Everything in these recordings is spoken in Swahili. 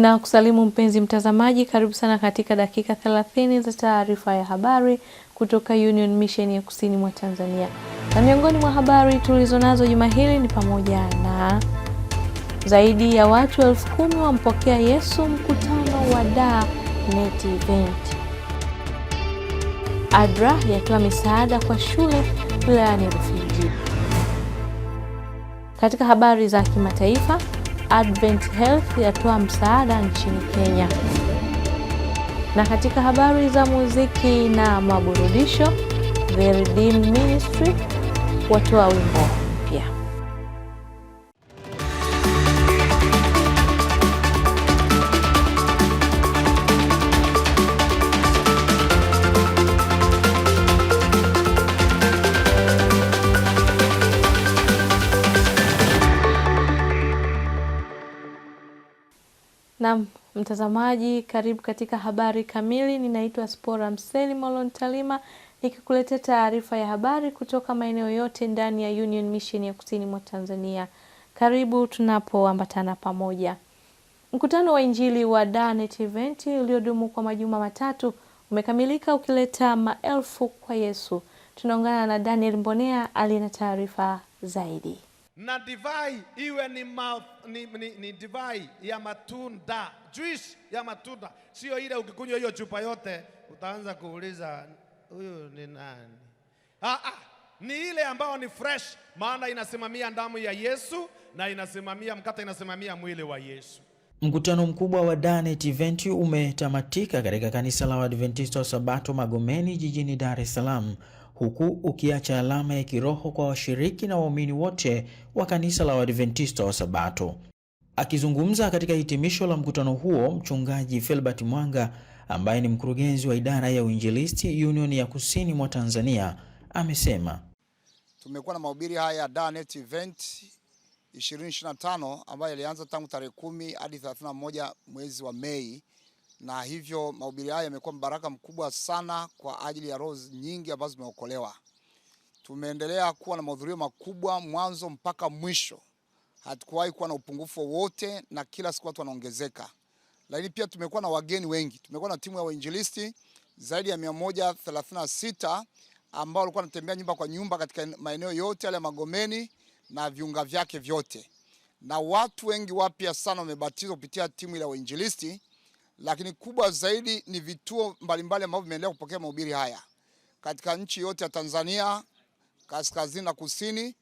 Ninakusalimu mpenzi mtazamaji, karibu sana katika dakika 30 za taarifa ya habari kutoka Union Mission ya Kusini mwa Tanzania. Na miongoni mwa habari tulizo nazo juma hili ni pamoja na zaidi ya watu elfu kumi wampokea Yesu mkutano wa Dar Net Event. ADRA yatoa misaada kwa shule wilayani Rufiji. Katika habari za kimataifa Advent Health yatoa msaada nchini Kenya. Na katika habari za muziki na maburudisho, The Redeemed Ministry watoa wimbo Naam mtazamaji, karibu katika habari kamili. Ninaitwa Spora Mseli Molon Talima nikikuletea taarifa ya habari kutoka maeneo yote ndani ya Union Mission ya kusini mwa Tanzania. Karibu tunapoambatana pamoja. Mkutano wa Injili wa Darnet Event uliodumu kwa majuma matatu umekamilika ukileta maelfu kwa Yesu. Tunaungana na Daniel Mbonea aliye na taarifa zaidi na divai iwe ni, mouth, ni, ni, ni divai ya matunda, juice ya matunda, sio ile ukikunywa hiyo chupa yote utaanza kuuliza huyu ni nani? Ah, ah, ni ile ambayo ni fresh, maana inasimamia damu ya Yesu na inasimamia mkate, inasimamia mwili wa Yesu. Mkutano mkubwa wa Danet Event umetamatika katika kanisa la Waadventista wa Sabato Magomeni jijini Dar es Salaam huku ukiacha alama ya kiroho kwa washiriki na waumini wote wa kanisa la Waadventista wa Sabato. Akizungumza katika hitimisho la mkutano huo, Mchungaji Filbert Mwanga ambaye ni mkurugenzi wa idara ya uinjilisti Union ya Kusini mwa Tanzania amesema tumekuwa na mahubiri haya Danet event 2025 ambayo yalianza tangu tarehe kumi hadi 31 mwezi wa Mei na hivyo mahubiri haya yamekuwa mbaraka mkubwa sana kwa ajili ya roho nyingi ambazo zimeokolewa. Tumeendelea kuwa na mahudhurio makubwa mwanzo mpaka mwisho, hatukuwahi kuwa na upungufu wowote, na kila siku watu wanaongezeka. Lakini pia tumekuwa na wageni wengi, tumekuwa na timu ya wainjilisti zaidi ya 136 ambao walikuwa wanatembea nyumba kwa nyumba katika maeneo yote yale ya Magomeni na viunga vyake vyote, na watu wengi wapya sana wamebatizwa kupitia timu ile ya wainjilisti lakini kubwa zaidi ni vituo mbalimbali ambavyo vimeendelea kupokea mahubiri haya katika nchi yote ya Tanzania kaskazini na kusini.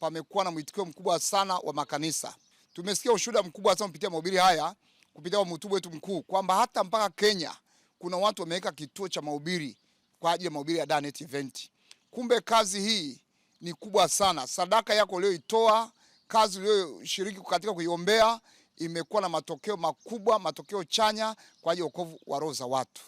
Pamekuwa na mwitikio mkubwa sana wa makanisa. Tumesikia ushuhuda mkubwa sana kupitia mahubiri haya, kupitia kwa mhutubu wetu mkuu kwamba hata mpaka Kenya kuna watu wameweka kituo cha mahubiri kwa ajili ya mahubiri ya Danet event. Kumbe kazi hii ni kubwa sana. Sadaka yako uliyoitoa, kazi uliyoshiriki katika kuiombea imekuwa na matokeo makubwa, matokeo chanya kwa ajili ya wokovu wa roho za watu.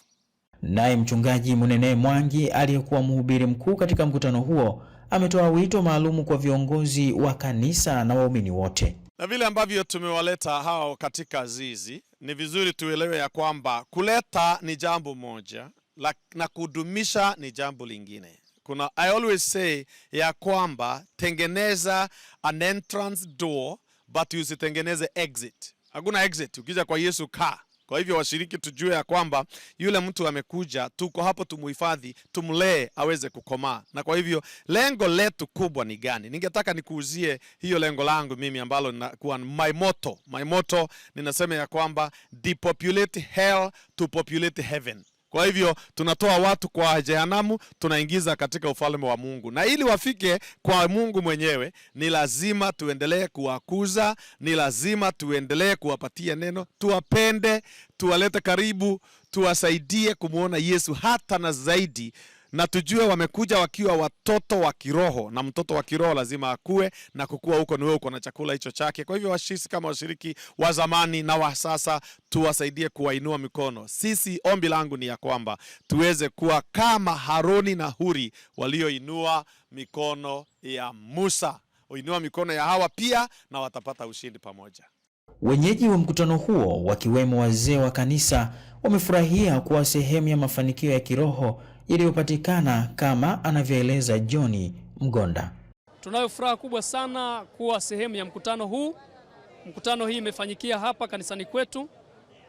Naye mchungaji Munene Mwangi aliyekuwa mhubiri mkuu katika mkutano huo ametoa wito maalumu kwa viongozi wa kanisa na waumini wote. Na vile ambavyo tumewaleta hao katika zizi, ni vizuri tuelewe ya kwamba kuleta ni jambo moja na kudumisha ni jambo lingine. Kuna I always say ya kwamba tengeneza an entrance door but usitengeneze exit. Hakuna exit, ukija kwa Yesu ka Kwa hivyo washiriki, tujue ya kwamba yule mtu amekuja, tuko hapo tumuhifadhi, tumlee aweze kukomaa. Na kwa hivyo lengo letu kubwa ni gani? Ningetaka nikuuzie hiyo lengo langu mimi ambalo ninakuwa my motto. My motto ninasema ya kwamba depopulate hell to populate heaven. Kwa hivyo tunatoa watu kwa jehanamu, tunaingiza katika ufalme wa Mungu, na ili wafike kwa Mungu mwenyewe ni lazima tuendelee kuwakuza, ni lazima tuendelee kuwapatia neno, tuwapende, tuwalete karibu, tuwasaidie kumwona Yesu hata na zaidi na tujue wamekuja wakiwa watoto wa kiroho, na mtoto wa kiroho lazima akue na kukua huko, ni wewe uko na chakula hicho chake. Kwa hivyo washisi kama washiriki wa zamani na wa sasa, tuwasaidie kuwainua mikono. Sisi ombi langu ni ya kwamba tuweze kuwa kama Haroni na Huri walioinua mikono ya Musa, uinua mikono ya hawa pia, na watapata ushindi pamoja. Wenyeji wa mkutano huo wakiwemo wazee wa kanisa wamefurahia kuwa sehemu ya mafanikio ya kiroho iliyopatikana kama anavyoeleza johni Mgonda. Tunayo furaha kubwa sana kuwa sehemu ya mkutano huu. Mkutano hii imefanyikia hapa kanisani kwetu.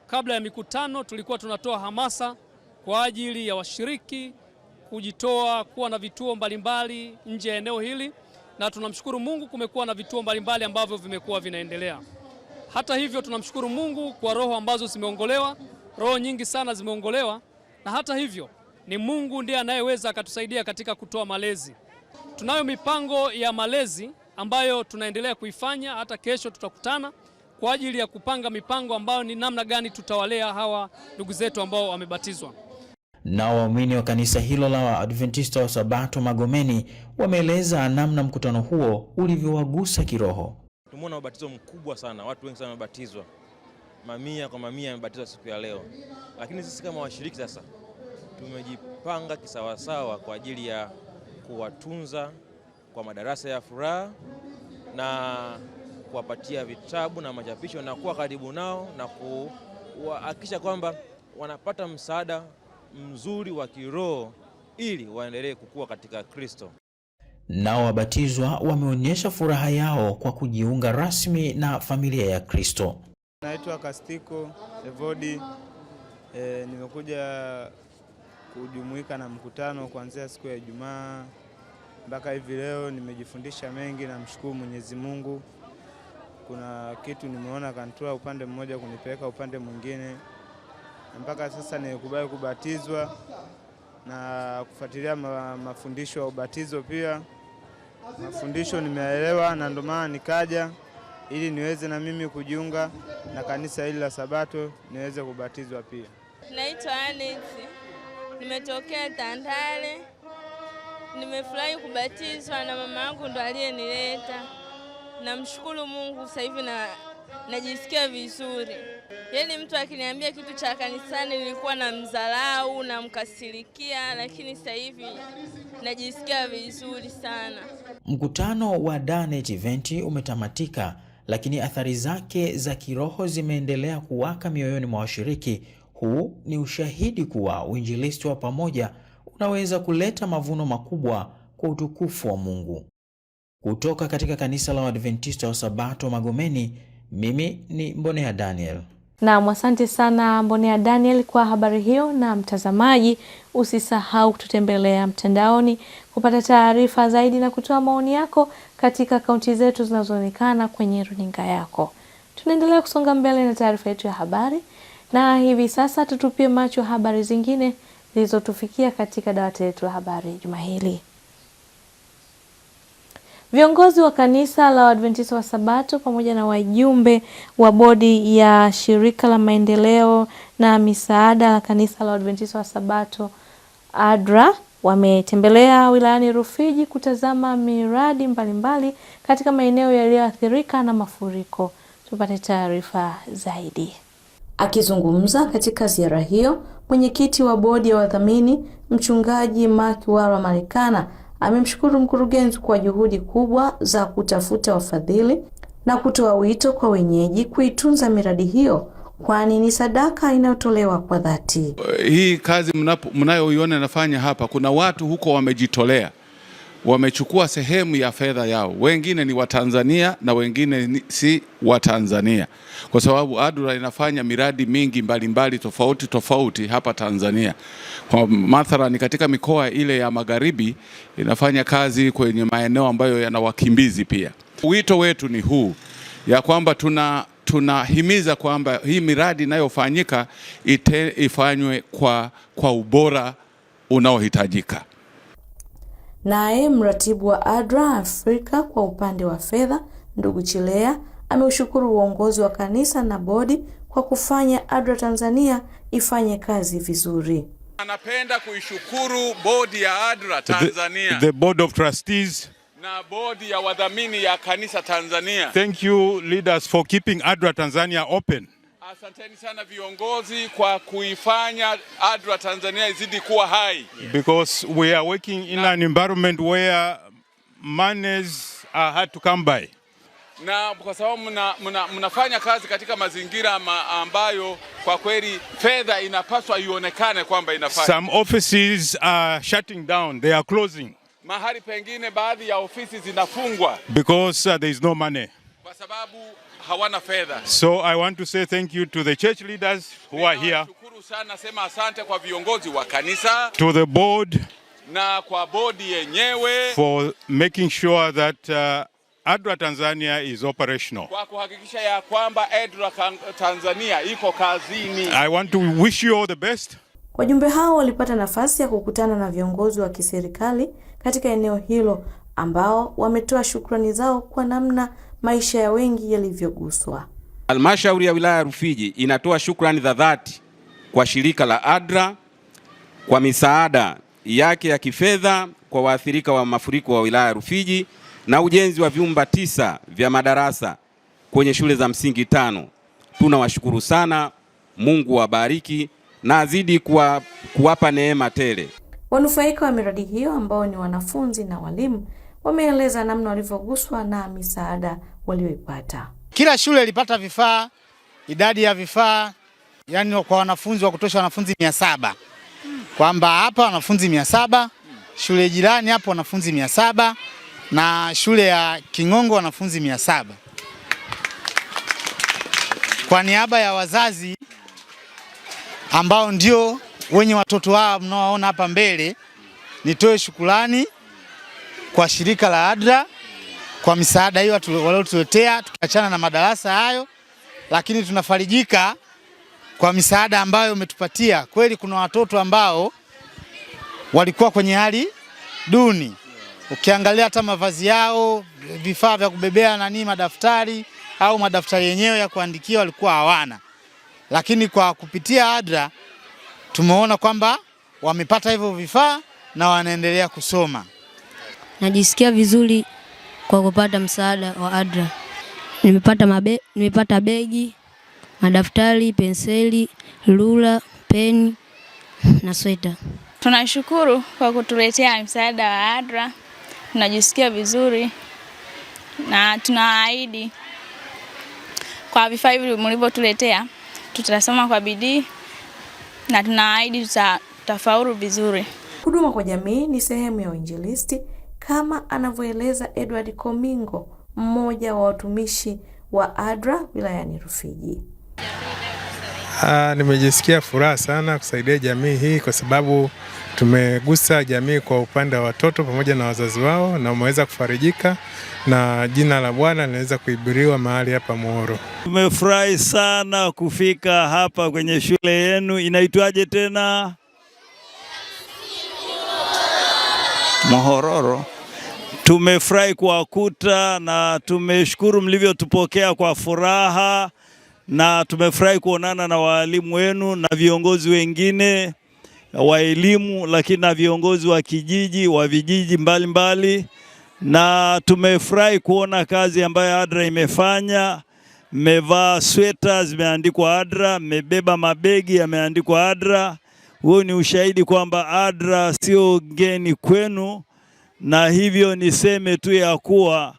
Kabla ya mikutano, tulikuwa tunatoa hamasa kwa ajili ya washiriki kujitoa kuwa na vituo mbalimbali nje ya eneo hili, na tunamshukuru Mungu, kumekuwa na vituo mbalimbali ambavyo vimekuwa vinaendelea. Hata hivyo, tunamshukuru Mungu kwa roho ambazo zimeongolewa, roho nyingi sana zimeongolewa, na hata hivyo ni Mungu ndiye anayeweza akatusaidia katika kutoa malezi. Tunayo mipango ya malezi ambayo tunaendelea kuifanya, hata kesho tutakutana kwa ajili ya kupanga mipango ambayo ni namna gani tutawalea hawa ndugu zetu ambao wamebatizwa. Na waumini wa kanisa hilo la Waadventista wa Sabato Magomeni wameeleza namna mkutano huo ulivyowagusa kiroho. Tumeona ubatizo mkubwa sana, watu wengi sana wamebatizwa, mamia kwa mamia wamebatizwa siku ya leo, lakini sisi kama washiriki sasa tumejipanga kisawasawa kwa ajili ya kuwatunza kwa madarasa ya furaha na kuwapatia vitabu na machapisho na kuwa karibu nao na kuhakikisha kwamba wanapata msaada mzuri wa kiroho ili waendelee kukua katika Kristo. Nao wabatizwa wameonyesha furaha yao kwa kujiunga rasmi na familia ya Kristo. Naitwa Kastiko Evodi. E, nimekuja kujumuika na mkutano kuanzia siku ya Ijumaa mpaka hivi leo. Nimejifundisha mengi, namshukuru Mwenyezi Mungu. Kuna kitu nimeona kanitoa upande mmoja kunipeleka upande mwingine, mpaka sasa nimekubali kubatizwa na kufuatilia ma, mafundisho ya ubatizo pia. Mafundisho nimeelewa na ndio maana nikaja ili niweze na mimi kujiunga na kanisa hili la Sabato niweze kubatizwa pia. Naitwa Anne nimetokea Tandale. Nimefurahi kubatizwa na mama yangu ndo aliyenileta. Namshukuru Mungu, sasa hivi na najisikia vizuri. Yaani mtu akiniambia kitu cha kanisani nilikuwa na mdharau na mkasirikia, lakini sasa hivi najisikia vizuri sana. Mkutano wa Danet Event umetamatika, lakini athari zake za kiroho zimeendelea kuwaka mioyoni mwa washiriki huu ni ushahidi kuwa uinjilisti wa pamoja unaweza kuleta mavuno makubwa kwa utukufu wa Mungu. Kutoka katika kanisa la Waadventista wa Sabato Magomeni, mimi ni Mbonea Daniel. Naam, asante sana Mbonea Daniel kwa habari hiyo. Na mtazamaji, usisahau kututembelea mtandaoni kupata taarifa zaidi na kutoa maoni yako katika akaunti zetu zinazoonekana kwenye runinga yako. Tunaendelea kusonga mbele na taarifa yetu ya habari. Na hivi sasa tutupie macho habari zingine zilizotufikia katika dawati letu la habari juma hili. Viongozi wa kanisa la Waadventista wa Sabato pamoja na wajumbe wa bodi ya shirika la maendeleo na misaada la kanisa la Waadventista wa Sabato ADRA wametembelea wilayani Rufiji kutazama miradi mbalimbali mbali katika maeneo yaliyoathirika na mafuriko. Tupate taarifa zaidi. Akizungumza katika ziara hiyo, mwenyekiti wa bodi ya wadhamini mchungaji mak wara Marekana amemshukuru mkurugenzi kwa juhudi kubwa za kutafuta wafadhili na kutoa wito kwa wenyeji kuitunza miradi hiyo kwani ni sadaka inayotolewa kwa dhati. Hii kazi mnayoiona inafanya hapa, kuna watu huko wamejitolea wamechukua sehemu ya fedha yao. Wengine ni Watanzania na wengine ni si Watanzania, kwa sababu ADURA inafanya miradi mingi mbalimbali mbali, tofauti tofauti hapa Tanzania. Kwa mathalani, katika mikoa ile ya magharibi inafanya kazi kwenye maeneo ambayo yana wakimbizi pia. Wito wetu ni huu ya kwamba tuna tunahimiza kwamba hii miradi inayofanyika ifanywe kwa, kwa ubora unaohitajika. Naye mratibu wa ADRA Afrika kwa upande wa fedha, ndugu Chilea ameushukuru uongozi wa kanisa na bodi kwa kufanya ADRA Tanzania ifanye kazi vizuri. Anapenda kuishukuru bodi ya ADRA Tanzania. The, the board of trustees na bodi ya wadhamini ya kanisa Tanzania. Thank you leaders for keeping ADRA Tanzania open. Asanteni sana viongozi kwa kuifanya ADRA Tanzania izidi kuwa hai. Because we are working in na, an environment where monies are hard to come by. Na kwa sababu mna, mna, mnafanya kazi katika mazingira ma ambayo kwa kweli fedha inapaswa ionekane kwamba inafanya. Some offices are shutting down, they are closing. Mahali pengine baadhi ya ofisi zinafungwa. Because uh, there is no money. Kwa sababu hawana fedha. So I want to say thank you to the church leaders who are here. Shukuru sana, sema asante kwa viongozi wa kanisa. To the board na kwa bodi yenyewe for making sure that uh, ADRA Tanzania is operational. Kwa kuhakikisha ya kwamba ADRA Tanzania iko kazini. I want to wish you all the best. Wajumbe hao walipata nafasi ya kukutana na viongozi wa kiserikali katika eneo hilo ambao wametoa shukrani zao kwa namna maisha ya wengi yalivyoguswa. Halmashauri ya wilaya ya Rufiji inatoa shukrani za dhati kwa shirika la ADRA kwa misaada yake ya kifedha kwa waathirika wa mafuriko wa wilaya ya Rufiji na ujenzi wa vyumba tisa vya madarasa kwenye shule za msingi tano. Tunawashukuru sana, Mungu wabariki na azidi kuwa, kuwapa neema tele. Wanufaika wa miradi hiyo ambao ni wanafunzi na walimu wameeleza namna walivyoguswa na misaada walioipata. Kila shule ilipata vifaa, idadi ya vifaa yani kwa wanafunzi wa kutosha, wanafunzi mia saba kwamba hapa wanafunzi mia saba shule jirani hapo wanafunzi mia saba na shule ya King'ongo wanafunzi mia saba Kwa niaba ya wazazi ambao ndio wenye watoto wao mnaoona hapa mbele, nitoe shukurani kwa shirika la ADRA kwa misaada hiyo waliotuletea, tukiachana na madarasa hayo, lakini tunafarijika kwa misaada ambayo umetupatia. Kweli kuna watoto ambao walikuwa kwenye hali duni, ukiangalia hata mavazi yao, vifaa vya kubebea nani, madaftari au madaftari yenyewe ya kuandikia walikuwa hawana, lakini kwa kupitia ADRA tumeona kwamba wamepata hivyo vifaa na wanaendelea kusoma. Najisikia vizuri kwa kupata msaada wa ADRA. Nimepata mabe, nimepata begi, madaftari, penseli, rula, peni na sweta. Tunashukuru kwa kutuletea msaada wa ADRA, tunajisikia vizuri na tunaahidi kwa vifaa hivi mlivyotuletea tutasoma kwa bidii na tunaahidi tutafaulu vizuri. Huduma kwa jamii ni sehemu ya uinjilisti kama anavyoeleza Edward Komingo, mmoja wa watumishi wa ADRA wilayani Rufiji. Ah, nimejisikia furaha sana kusaidia jamii hii kwa sababu tumegusa jamii kwa upande wa watoto pamoja na wazazi wao, na umeweza kufarijika na jina la Bwana linaweza kuhubiriwa mahali hapa Muhoro. Tumefurahi sana kufika hapa kwenye shule yenu, inaitwaje tena? mohororo Tumefurahi kuwakuta na tumeshukuru mlivyotupokea kwa furaha, na tumefurahi kuonana na waalimu wenu na viongozi wengine wa elimu, lakini na viongozi wa kijiji wa vijiji mbalimbali mbali. Na tumefurahi kuona kazi ambayo ADRA imefanya. Mmevaa sweta zimeandikwa ADRA, mmebeba mabegi yameandikwa ADRA. Huo ni ushahidi kwamba ADRA sio geni kwenu na hivyo niseme tu ya kuwa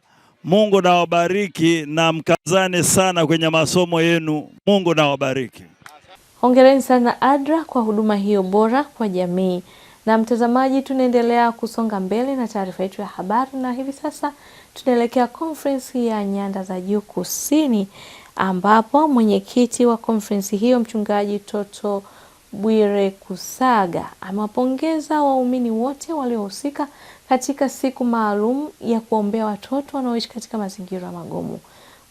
Mungu nawabariki na mkazane sana kwenye masomo yenu. Mungu nawabariki. Hongereni sana ADRA kwa huduma hiyo bora kwa jamii. Na mtazamaji, tunaendelea kusonga mbele na taarifa yetu ya habari, na hivi sasa tunaelekea konferensi ya Nyanda za Juu Kusini, ambapo mwenyekiti wa konferensi hiyo mchungaji Toto Bwire Kusaga amewapongeza waumini wote waliohusika katika siku maalum ya kuombea watoto wanaoishi katika mazingira magumu.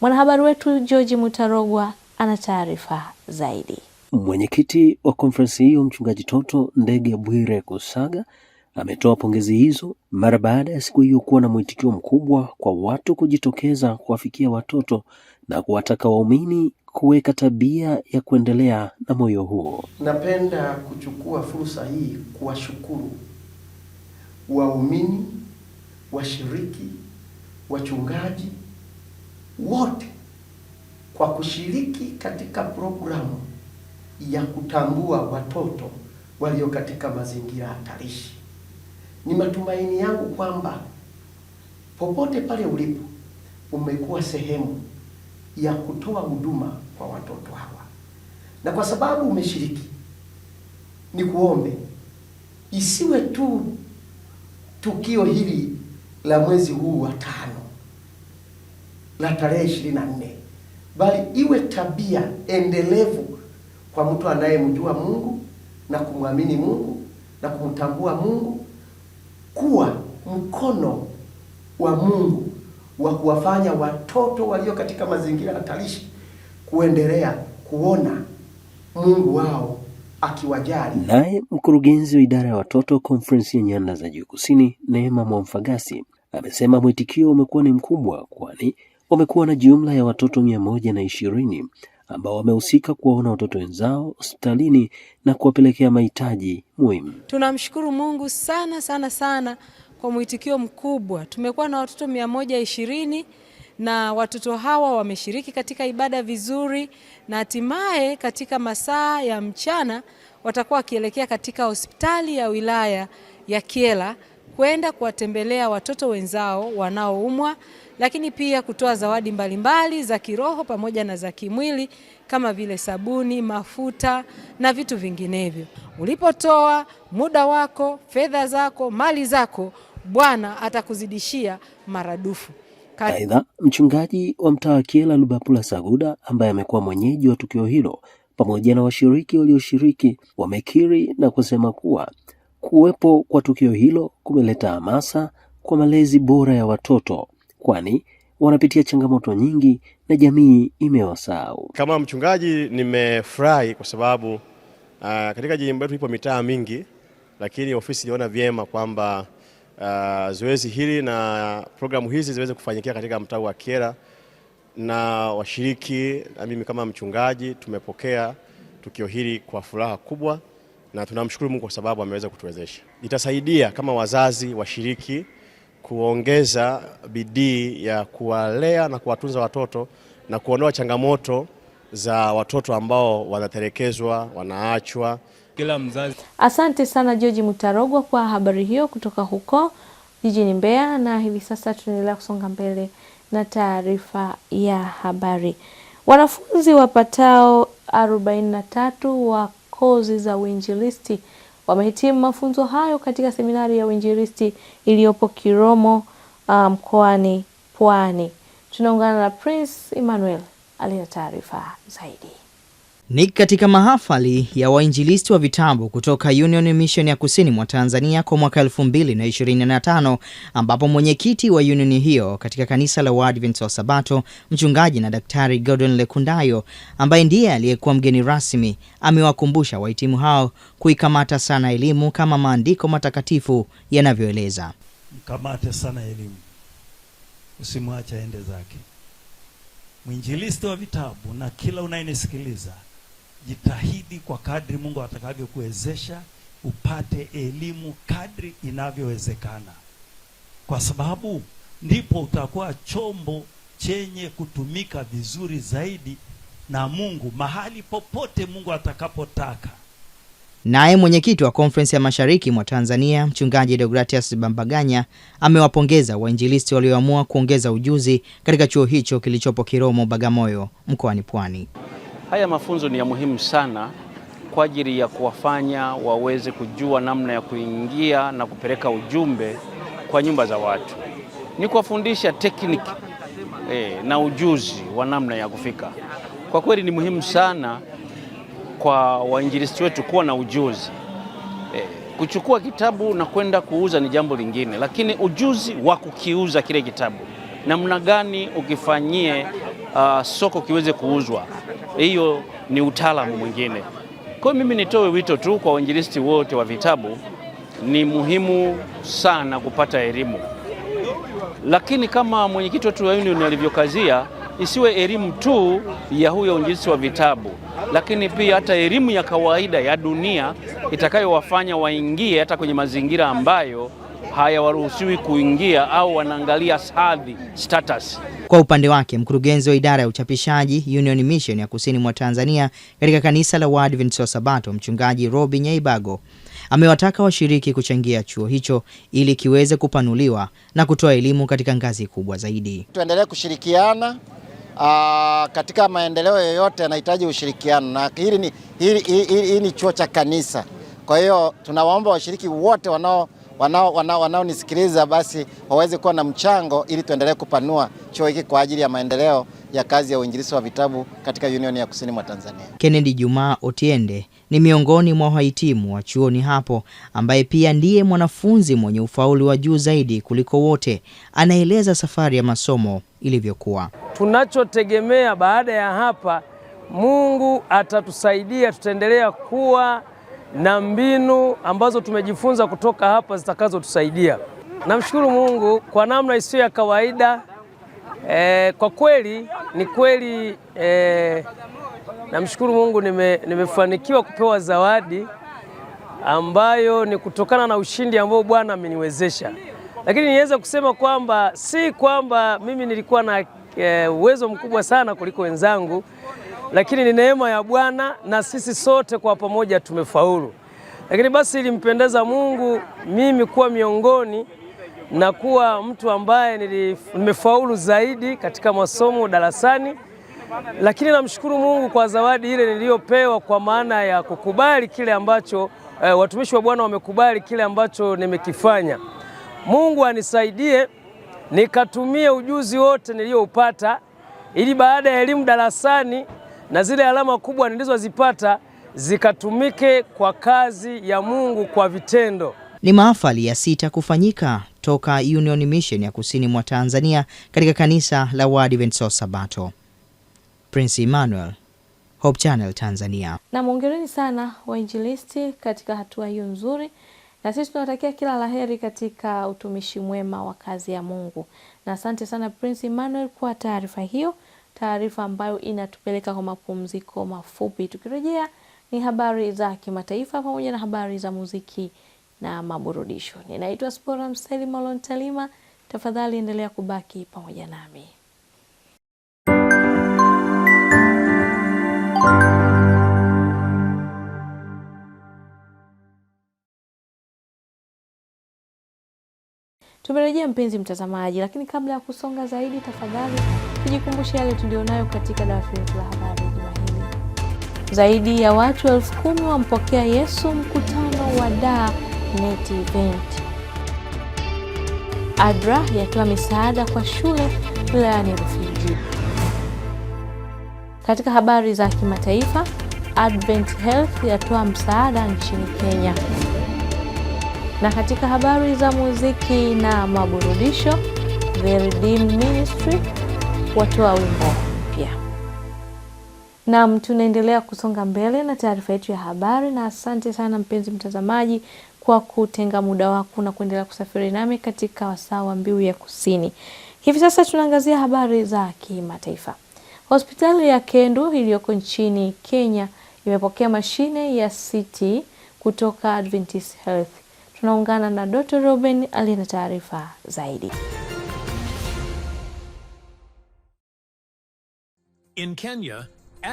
Mwanahabari wetu George Mutarogwa ana taarifa zaidi. Mwenyekiti wa konferensi hiyo Mchungaji Toto Ndege Bwire Kusaga ametoa pongezi hizo mara baada ya siku hiyo kuwa na mwitikio mkubwa kwa watu kujitokeza kuwafikia watoto na kuwataka waumini kuweka tabia ya kuendelea na moyo huo. Napenda kuchukua fursa hii kuwashukuru waumini, washiriki, wachungaji wote kwa kushiriki katika programu ya kutambua watoto walio katika mazingira hatarishi. Ni matumaini yangu kwamba popote pale ulipo umekuwa sehemu ya kutoa huduma kwa watoto hawa, na kwa sababu umeshiriki, ni kuombe isiwe tu tukio hili la mwezi huu wa tano la tarehe ishirini na nne bali iwe tabia endelevu kwa mtu anayemjua Mungu na kumwamini Mungu na kumtambua Mungu kuwa mkono wa Mungu wa kuwafanya watoto walio katika mazingira hatarishi kuendelea kuona Mungu wao akiwajali. Naye mkurugenzi wa idara ya watoto konferensi ya Nyanda za Juu Kusini, Neema Mwamfagasi, amesema mwitikio umekuwa ni mkubwa, kwani wamekuwa na jumla ya watoto mia moja na ishirini ambao wamehusika kuwaona watoto wenzao hospitalini na kuwapelekea mahitaji muhimu. Tunamshukuru Mungu sana sana sana kwa mwitikio mkubwa. Tumekuwa na watoto mia moja ishirini na watoto hawa wameshiriki katika ibada vizuri, na hatimaye katika masaa ya mchana watakuwa wakielekea katika hospitali ya wilaya ya Kyela kwenda kuwatembelea watoto wenzao wanaoumwa, lakini pia kutoa zawadi mbalimbali za kiroho pamoja na za kimwili kama vile sabuni, mafuta na vitu vinginevyo. Ulipotoa muda wako, fedha zako, mali zako, Bwana atakuzidishia maradufu. Aidha, mchungaji wa mtaa wa Kyela Lubapula Saguda ambaye amekuwa mwenyeji wa tukio hilo pamoja na washiriki walioshiriki wamekiri na kusema kuwa kuwepo kwa tukio hilo kumeleta hamasa kwa malezi bora ya watoto, kwani wanapitia changamoto nyingi na jamii imewasahau. Kama mchungaji, nimefurahi kwa sababu uh, katika jimbo letu ipo mitaa mingi, lakini ofisi iliona vyema kwamba uh, zoezi hili na programu hizi ziweze kufanyikia katika mtaa wa Kyela na washiriki na mimi kama mchungaji tumepokea tukio hili kwa furaha kubwa na tunamshukuru Mungu kwa sababu ameweza kutuwezesha. Itasaidia kama wazazi washiriki kuongeza bidii ya kuwalea na kuwatunza watoto na kuondoa changamoto za watoto ambao wanatelekezwa, wanaachwa kila mzazi. Asante sana George Mutarogwa kwa habari hiyo kutoka huko jijini Mbeya, na hivi sasa tunaendelea kusonga mbele na taarifa ya habari. Wanafunzi wapatao 43 wa kozi za uinjilisti wamehitimu mafunzo hayo katika seminari ya uinjilisti iliyopo Kiromo uh, mkoani um, Pwani. Tunaungana na Prince Emmanuel aliyo taarifa zaidi. Ni katika mahafali ya wainjilisti wa vitabu kutoka Union Mission ya Kusini mwa Tanzania kwa mwaka 2025 ambapo mwenyekiti wa union hiyo katika kanisa la Waadventista wa Sabato, mchungaji na daktari Gordon Lekundayo, ambaye ndiye aliyekuwa mgeni rasmi, amewakumbusha wahitimu hao kuikamata sana elimu kama maandiko matakatifu yanavyoeleza. Mkamate sana elimu, usimwache aende zake. Mwinjilisti wa vitabu na kila unayenisikiliza jitahidi kwa kadri Mungu atakavyokuwezesha upate elimu kadri inavyowezekana, kwa sababu ndipo utakuwa chombo chenye kutumika vizuri zaidi na Mungu mahali popote Mungu atakapotaka. Naye mwenyekiti wa Konferensi ya Mashariki mwa Tanzania, Mchungaji Deogratias Bambaganya amewapongeza wainjilisti walioamua kuongeza ujuzi katika chuo hicho kilichopo Kiromo, Bagamoyo, mkoani Pwani. Haya mafunzo ni ya muhimu sana kwa ajili ya kuwafanya waweze kujua namna ya kuingia na kupeleka ujumbe kwa nyumba za watu, ni kuwafundisha tekniki e, na ujuzi wa namna ya kufika. Kwa kweli ni muhimu sana kwa wainjilisti wetu kuwa na ujuzi e, kuchukua kitabu na kwenda kuuza ni jambo lingine, lakini ujuzi wa kukiuza kile kitabu namna gani ukifanyie uh, soko kiweze kuuzwa. Hiyo ni utaalamu mwingine. Kwa mimi nitoe wito tu kwa wainjilisti wote wa vitabu, ni muhimu sana kupata elimu, lakini kama mwenyekiti wetu wa union alivyokazia, isiwe elimu tu ya huyo uinjilisti wa vitabu, lakini pia hata elimu ya kawaida ya dunia itakayowafanya waingie hata kwenye mazingira ambayo hayawaruhusiwi kuingia au wanaangalia hadhi status. Kwa upande wake mkurugenzi wa idara ya uchapishaji Union Mission ya kusini mwa Tanzania katika kanisa la Waadventista wa Sabato, mchungaji Robi Nyaibago amewataka washiriki kuchangia chuo hicho ili kiweze kupanuliwa na kutoa elimu katika ngazi kubwa zaidi. Tuendelee kushirikiana aa, katika maendeleo yoyote yanahitaji ushirikiano na hili ni, hili, hili, hili, hili ni chuo cha kanisa. Kwa hiyo tunawaomba washiriki wote wanao wanaonisikiliza wanao basi waweze kuwa na mchango ili tuendelee kupanua chuo hiki kwa ajili ya maendeleo ya kazi ya uinjilisti wa vitabu katika Union ya Kusini mwa Tanzania. Kennedy juma Otiende ni miongoni mwa wahitimu wa chuoni hapo ambaye pia ndiye mwanafunzi mwenye ufaulu wa juu zaidi kuliko wote. Anaeleza safari ya masomo ilivyokuwa. Tunachotegemea baada ya hapa, Mungu atatusaidia, tutaendelea kuwa na mbinu ambazo tumejifunza kutoka hapa zitakazotusaidia. Namshukuru Mungu kwa namna isiyo ya kawaida. E, kwa kweli ni kweli e, namshukuru Mungu nime, nimefanikiwa kupewa zawadi ambayo ni kutokana na ushindi ambao Bwana ameniwezesha, lakini niweza kusema kwamba si kwamba mimi nilikuwa na e, uwezo mkubwa sana kuliko wenzangu lakini ni neema ya Bwana na sisi sote kwa pamoja tumefaulu. Lakini basi ilimpendeza Mungu mimi kuwa miongoni na kuwa mtu ambaye nimefaulu zaidi katika masomo darasani, lakini namshukuru Mungu kwa zawadi ile niliyopewa, kwa maana ya kukubali kile ambacho eh, watumishi wa Bwana wamekubali kile ambacho nimekifanya. Mungu anisaidie nikatumie ujuzi wote niliyoupata ili baada ya elimu darasani na zile alama kubwa nilizozipata zikatumike kwa kazi ya Mungu kwa vitendo. Ni mahafali ya sita kufanyika toka Union Mission ya kusini mwa Tanzania katika kanisa la Waadventista Sabato. Prince Emmanuel, Hope Channel Tanzania. Na mwongereni sana wainjilisti katika hatua hiyo nzuri, na sisi tunawatakia kila laheri katika utumishi mwema wa kazi ya Mungu, na asante sana Prince Emmanuel kwa taarifa hiyo taarifa ambayo inatupeleka kwa mapumziko mafupi. Tukirejea ni habari za kimataifa pamoja na habari za muziki na maburudisho. Ninaitwa Spora Mseli Malon Talima, tafadhali endelea kubaki pamoja nami. Tumerejea mpenzi mtazamaji, lakini kabla ya kusonga zaidi, tafadhali tukijikumbushia yale tulionayo katika dawati letu la habari juma hili. Zaidi ya watu elfu kumi wampokea Yesu mkutano wa Dar Net Event. ADRA yatoa misaada kwa shule wilayani Rufiji. Katika habari za kimataifa, Advent Health yatoa msaada nchini Kenya. Na katika habari za muziki na maburudisho, The Redeemed Ministry watoa wimbo mpya. nam tunaendelea kusonga mbele na taarifa yetu ya habari, na asante sana mpenzi mtazamaji kwa kutenga muda wako na kuendelea kusafiri nami katika wasaa wa Mbiu ya Kusini. Hivi sasa tunaangazia habari za kimataifa. Hospitali ya Kendu iliyoko nchini Kenya imepokea mashine ya CT kutoka Adventist Health. Tunaungana na Dr. Robin aliye na taarifa zaidi.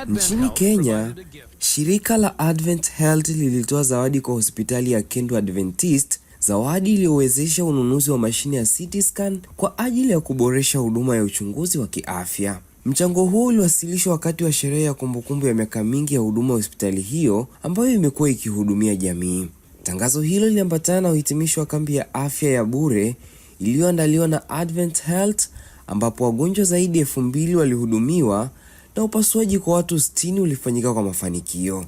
Nchini Kenya, shirika la Advent Health lilitoa zawadi kwa hospitali ya Kendu Adventist, zawadi iliyowezesha ununuzi wa mashine ya CT scan kwa ajili ya kuboresha huduma ya uchunguzi wa kiafya. Mchango huo uliwasilishwa wakati wa sherehe ya kumbukumbu ya miaka mingi ya huduma ya hospitali hiyo ambayo imekuwa ikihudumia jamii. Tangazo hilo liliambatana na uhitimisho wa kambi ya afya ya bure iliyoandaliwa na Advent Health ambapo wagonjwa zaidi ya elfu mbili walihudumiwa na upasuaji kwa watu 60 ulifanyika kwa mafanikio.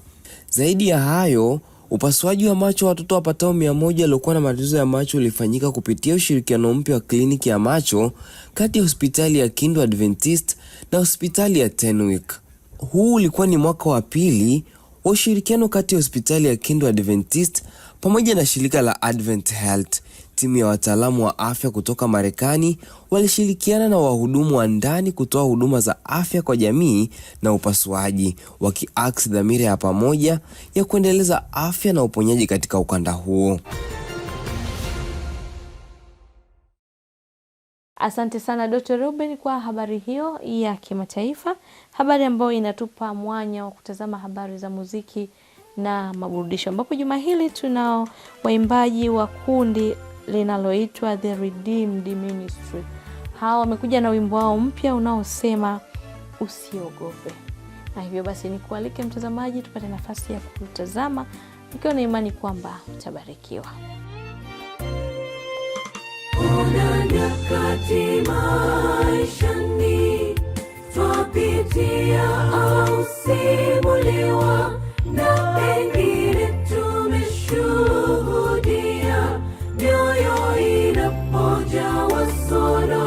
Zaidi ya hayo, upasuaji wa macho watoto wapatao 100 waliokuwa na matatizo ya macho ulifanyika kupitia ushirikiano mpya wa kliniki ya macho kati ya hospitali ya Kindu Adventist na hospitali ya Tenwick. Huu ulikuwa ni mwaka wa pili wa ushirikiano kati ya hospitali ya Kindu Adventist pamoja na shirika la Advent Health. Timu ya wataalamu wa afya kutoka Marekani walishirikiana na wahudumu wa ndani kutoa huduma za afya kwa jamii na upasuaji, wakiakisi dhamira ya pamoja ya kuendeleza afya na uponyaji katika ukanda huo. Asante sana Dr. Ruben kwa habari hiyo ya kimataifa, habari ambayo inatupa mwanya wa kutazama habari za muziki na maburudisho, ambapo juma hili tunao waimbaji wa kundi linaloitwa The Redeemed Ministry. Hawa wamekuja na wimbo wao mpya unaosema usiogope. Na hivyo basi, nikualike mtazamaji, tupate nafasi ya kutazama, ikiwa na imani kwamba utabarikiwa. Ona nyakati maishani twapitia au simuliwa na pengine tumeshuhudia mioyo inapoja wasolo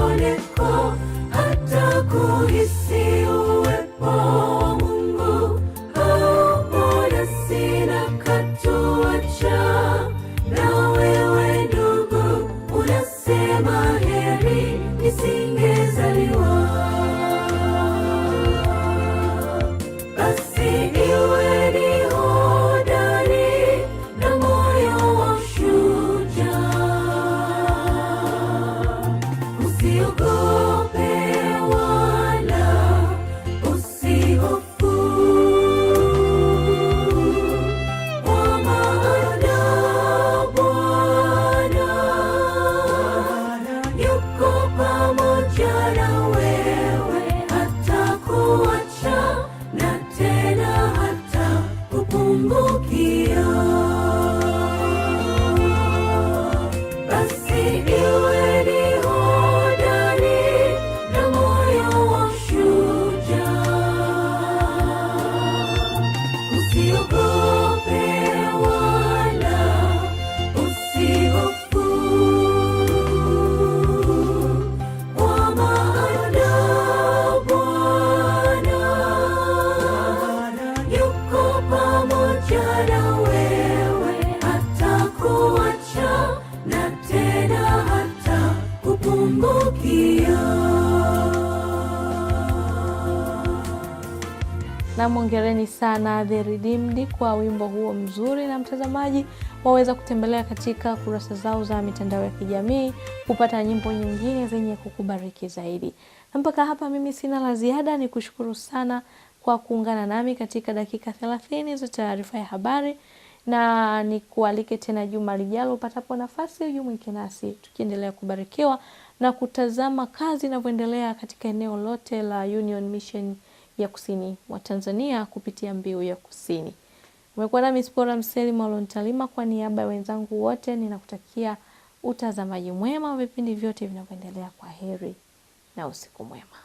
The Redeemed kwa wimbo huo mzuri, na mtazamaji waweza kutembelea katika kurasa zao za mitandao ya kijamii kupata nyimbo nyingine zenye kukubariki zaidi. Na mpaka hapa mimi sina la ziada, ni kushukuru sana kwa kuungana nami katika dakika thelathini za taarifa ya habari, na nikualike tena juma lijalo upatapo nafasi, ujumuike nasi tukiendelea kubarikiwa na kutazama kazi inavyoendelea katika eneo lote la Union Mission ya kusini mwa Tanzania kupitia Mbiu ya Kusini. Umekuwa nami Spora Mseli Mwalontalima, kwa niaba ya wenzangu wote ninakutakia utazamaji mwema wa vipindi vyote vinavyoendelea. Kwa heri na usiku mwema.